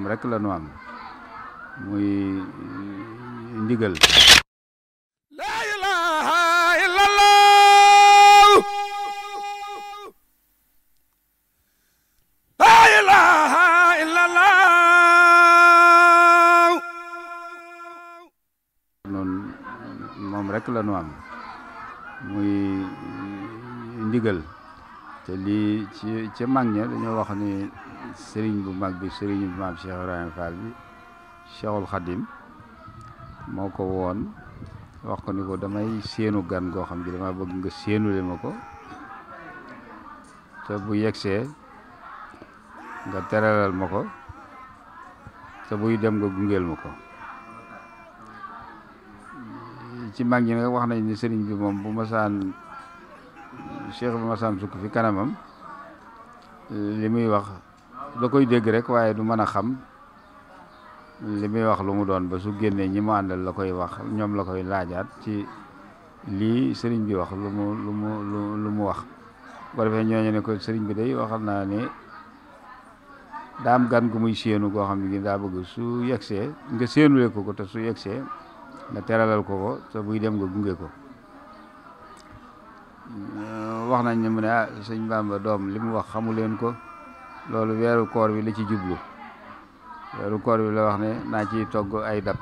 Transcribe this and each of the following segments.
moom rek la nu am muy eh, ndigal laa ilaaha illallah laa ilaaha illallah noon moom rek la nu muy eh, ndigal te lii ci ci mag ña dañoo wax ni sëriñ bu mag bi sëriñ bu maam Cheikh Ibrahima Fall bi Cheikhul Khadim moo ko woon wax ko ni ko damay séenu gan goo xam ji dama bëgg nga séenule ma ko te bu yegsee nga teralal ma ko te buy dem nga gungeel ma ko ci mag ñi nag wax nañ ni sëriñ bi moom bu masaan Cheikh bu masaan sukk fi kanamam li muy wax da koy dégg rek waaye du mën a xam li muy wax lu mu doon ba su génnee ñi mu àndal la koy wax ñoom la koy laajaat ci lii sëriñ bi wax lu mu lu mu lu mu wax ko defee ne ko sëriñ bi day waxal naa ne daam gan gu muy séenu koo xam ne gi daa bëgg su yegsee nga séenule ko ko te su yegsee nga teralal ko ko te buy dem nga gunge ko wax nañ ne mu ne ah sëñ Bamba doom li mu wax xamu leen ko loolu weeru koor bi la ci jublu weeru koor bi la wax ne naa ci togg ay dab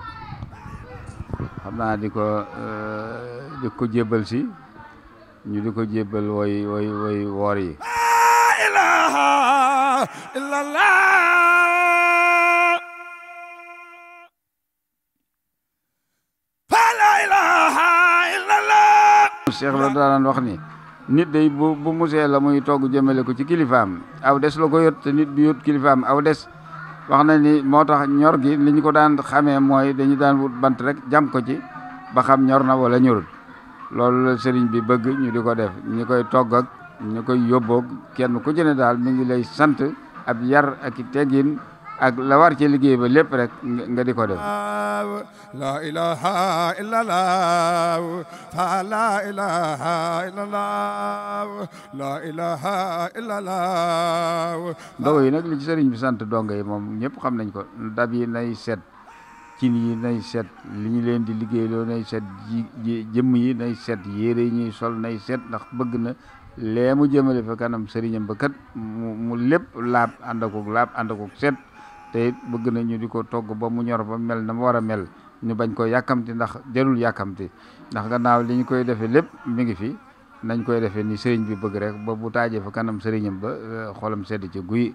xam naa di ko eh, ko jébbal si ñu di ko jébbal woy woy woor yi ilaha illallah Cheikh la daan wax ni nit day bu bu musee la muy togg jëmale ko ci kilifaam aw des la ko yot te nit bi yot kilifaam aw des wax na ni moo tax ñor gi li ñu ko daan xamee mooy dañu daan wut bant rek jam ko ci ba xam ñor na wala ñorul loolu la sëriñ bi bëgg ñu di ko def ñu koy togg ak ñu koy yóbboog kenn ku ci daal mi ngi lay sant ab yar ak i teggin ak la war ci liggéey ba lépp rek nga di ko def la ilaha illallah la ilaha illallah la ilaha illallah ndogu yi nag li ci sëriñ bi sant donga yi moom ñëpp xam nañ ko dab yi nay set cin yi nay set li ñu leen di liggéeyloo nay set ji jëmm yi nay set yére yi ñuy sol nay set ndax bëgg na lee mu jëmale fa kanam sëriñam ba kat mu lépp laab ànd ak laab ànd ak set te it bëgg nañu di ko togg ba mu ñor ba mel na mu war a mel ñu bañ ko yàkkamti ndax jarul yàkkamti ndax gannaaw li ñu koy defee lépp mi ngi fi nañ koy defee ni sëriñ bi bëgg rek ba bu taajee fa kanam sëriñam ba euh, xolam sedd ci guy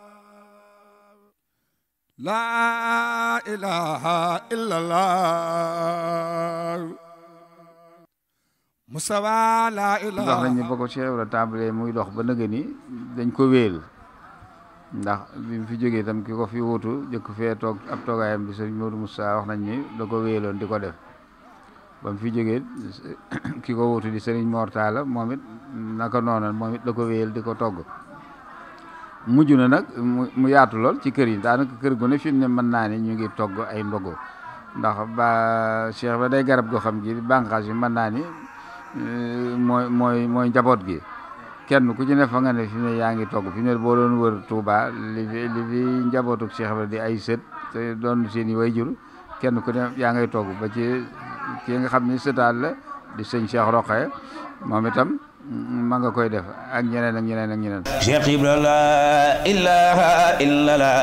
laa ilaaha illallah Mustafa laa ilaaha dox nañu ba muy dox ba nëgë ni dañ ko wéel ndax bi mu fi jógee itam ki ko fi wutu jëkk fee toog ab toogaayam bi sëñ Modou Moussa wax nañ ni da ko wéeloon di ko def ba mu fi jógee ki ko wutu di sëriñ Mortala moom it naka noonu moom da ko wéel di ko togg mujj na nag mu yaatu lool ci kër yi daanaka kër gu ne fi ne mën naa ni ñu ngi togg ay ndogo ndax ba Cheikh ba day garab goo xam ji bànqaas yi mën naa ni euh, mooy mooy mooy njaboot gi kenn ku ci ne fa nga ne fi ne yaa ngi togg fi mu ne boo doon wër Touba li fi li fi njabootu Cheikh ba di ay sët te doon seen i way jur kenn ku ne yaa ngay togg ba ci ki nga xam ni sëtaal la di sëñ Cheikh Roqe moom itam. ma nga koy def ak ñeneen ak ñeneen ak ñeneen Cheikh Ibrahima la ilaha illa la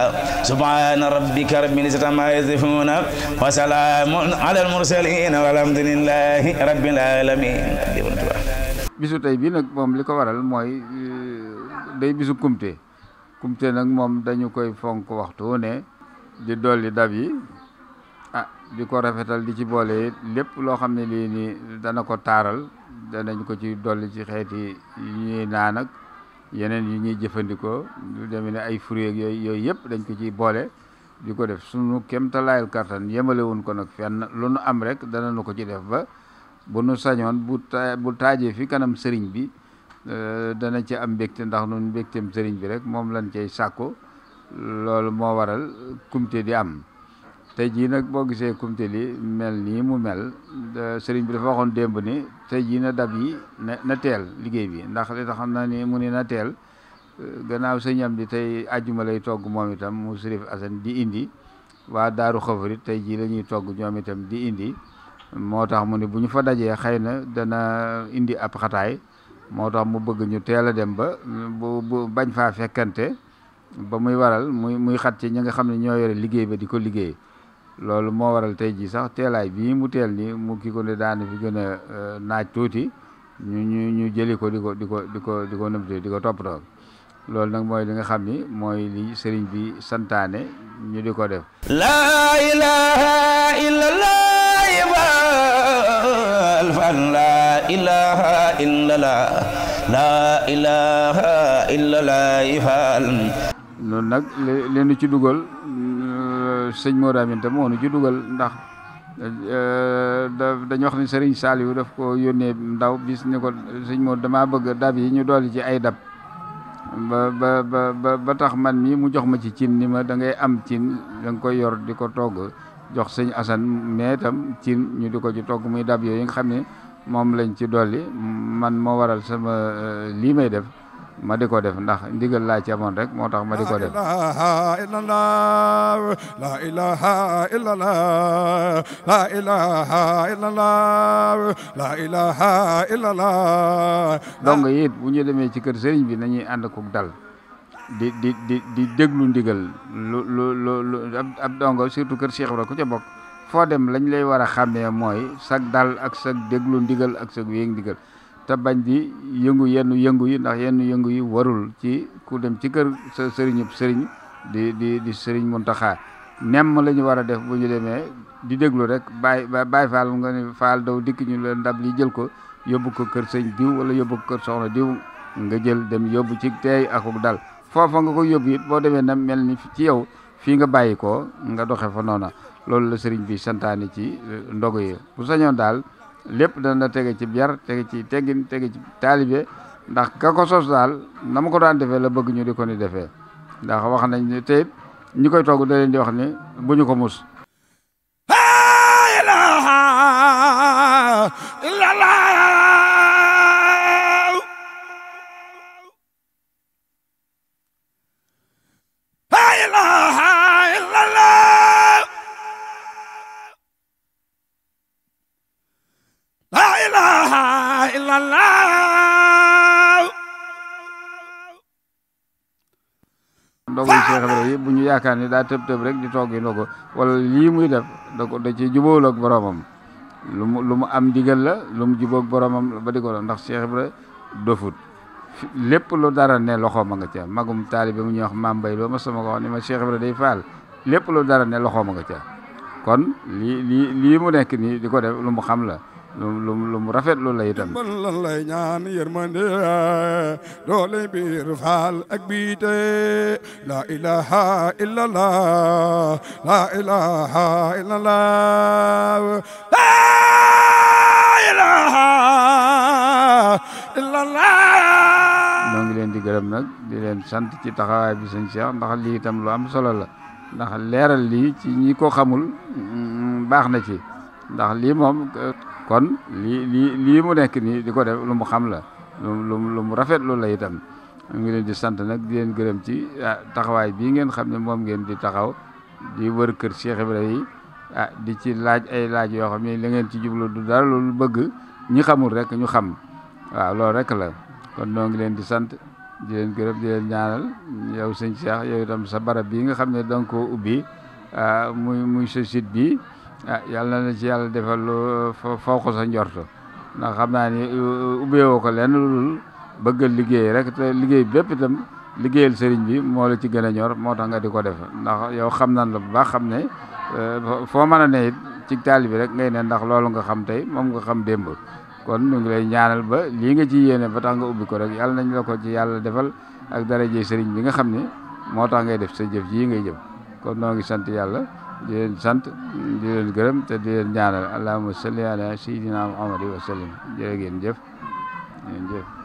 subhana rabbika rabbil izzati amma yasifuna wa salamun ala al mursalin walhamdulillahi rabbil alamin bisu tey bi nag moom li ko waral mooy euh, day bisu kumte kumte nag moom dañu koy fonk waxtu ne di dolli dab yi di ko rafetal di ci boole lépp loo xam ne lii nii dana ko taaral danañ ko ci dolli ci xeeti yu ñuy naan yeneen yu ñuy jëfandikoo lu demee ne ay fruits yooyu yooyu yëpp dañ ko ciy boole di ko def sunu kéemtalaayal kartan yemale woon ko nag fenn lu nu am rek danañu ko ci def ba bu nu sañoon bu ta taajee fi kanam sëriñ bi euh, dana ci am mbégte ndax nun mbégteem sëriñ bi rek moom lañ cay sàkku loolu moo waral kumte di am. tey jii nag boo gisee kumte li mel nii mu mel sëriñ bi dafa waxoon démb ni tey jii na dab yi na teel liggéey bi ndax li tax xam naa ni mu ne na teel euh, gannaaw sëñam am di tey àjjuma lay togg moom itam mu sërif asan di indi waa daaru xafarit tey jii lañuy togg ñoom itam di indi moo tax mu ne bu ñu fa dajee xëy na dana indi ab xataay moo tax mu bëgg ñu teel a dem ba bu bañ faa fekkante ba muy waral muy muy xat ci ñi nga xam ne ñoo yore liggéey bi di ko liggéey loolu moo waral tey jii sax teelaay bii mu teel ni mu kii ko ne daana fi gën a euh, naaj tuuti ñu ñu ñu jëli ko di ko di ko di ko di ko nëbte di ko loolu nag mooy li nga xam ni mooy li sëriñ bi santaane ñu di ko def laa ilaha illallah noonu nag li nu ci dugal sëñ Modou Aminta moo nu ci dugal ndax euh, dañu wax ni Serigne Saliou daf ko yónnee ndaw bis ni ko sëñ Modou damaa bëgg dab yi ñu dolli ci ay dab ba ba ba tax man mii mu jox ma ci cin ni ma dangay am cin da nga koy yor di ko togg jox sëñ Assane mais itam cin ñu di ko ci togg muy dab yooyu nga xam ne moom lañ ci dolli man moo waral sama euh, lii may def ma di ko def ndax ndigal laa ci rek moo tax ma di ko def la ilaha illallah la ilaha illallah la ilaha illallah donc it bu ñu demee ci kër sëriñ bi nañuy ànd ko dal di di di di déglu ndigal lu lu lu ab dongo surtout kër Cheikh Ibra ku ca bokk foo dem lañ lay war a xàmmee mooy sag dal ak sag déglu ndigal ak sag wéeg ndigal te bañ di yëngu yennu yëngu yi ndax yenn yëngu yi warul ci ku dem ci kër sa sëriñub sëriñ di di di sëriñ Muntaxa nemm la ñu war a def bu ñu demee di déglu rek bàyyi bàyyi faal nga ne faal daw dikk ñu leen ndab li jël ko yóbbu ko kër sëñ diw wala yóbbu ko kër soxna diw nga jël dem yóbbu ci teey akuk dal foofa nga ko yóbbu it boo demee na mel ni ci yow fi nga bàyyi ko nga doxe fa noona loolu la sëriñ bi santaane ci eh, ndogo yi bu sañoon daal lépp dana tege ci yar tege ci teggin tege ci taalibe ndax ka ko sos daal na ma ko daan defee la bëgg ñu di ko ni defee ndax wax nañ ne te ñu koy togg da leen di wax ni bu ñu ko mus illallah ndogul Cheikh Ibrahima bu ñu yaakaar ni daa tëb tëb rek di togg yi ndogu wala lii muy def da ko da ci jubóol ak lu mu lu mu am ndigal la lu mu jubóog boromam ba di ko doon ndax Cheikh Ibrahima dofut lépp lu dara ne loxo ma nga ca magum taalibe mu ñuy wax maam Bay loo ma sama ko wax ni ma Cheikh Ibrahima day faal lépp lu dara ne loxo ma nga ca kon lii lii lii mu nekk nii di ko def lu mu xam la lu lu mu rafet lu lay itam man lan lay ñaan yërmande doole biir faal ak biite la ilaha illallah la ilaha illallah la ilaha illallah ñoo ngi leen di gërëm nag di leen sant ci taxawaay bi sëñ Cheikh ndax lii itam lu am solo la ndax leeral lii ci ñi ko xamul mm, baax na ci ndax lii moom kon lii lii lii mu nekk nii di ko def lu mu xam la lu mu lu mu rafetlu la itam ñu ngi leen di sant nag di leen gërëm ci ah, taxawaay bii ngeen xam ne moom ngeen di taxaw di wër kër Cheikh Ibrahima yi ah, di ci laaj ay laaj yoo xam ne la ci jublu du dara loolu bëgg ñi xamul rek ñu xam waaw loolu rek la kon noo ngi leen di sant di leen gërëm di yow sëñ Cheikh itam sa barab bii nga xam ne danga koo ubbi ah, muy muy sa site bi ah yàlla na ci yàlla defal foo ko sa njorto ndax xam naa ni ubbeewoo ko lenn lu bëggal liggéey rek te liggéey bépp itam liggéeyal sëriñ bi moo la ci gën a ñor moo tax nga di ko def ndax yow xam nan la bu baax xam ne euh, foo mën a ne it ci taalibe rek ngay ne ndax loolu nga xam tey moom nga xam démb kon ñu ngi lay ñaanal ba lii nga ci yéene ba tax nga ubbi ko rek yàlla nañ la ko ci yàlla defal ak daraje sëriñ bi nga xam ne moo tax ngay def sa jëf ji ngay jëf sant yàlla di leen sant di leen gërëm te di leen ñaanal allahumma salli ala sayyidina muhammad wa sallim jërë ngeen jëf ngeen jëf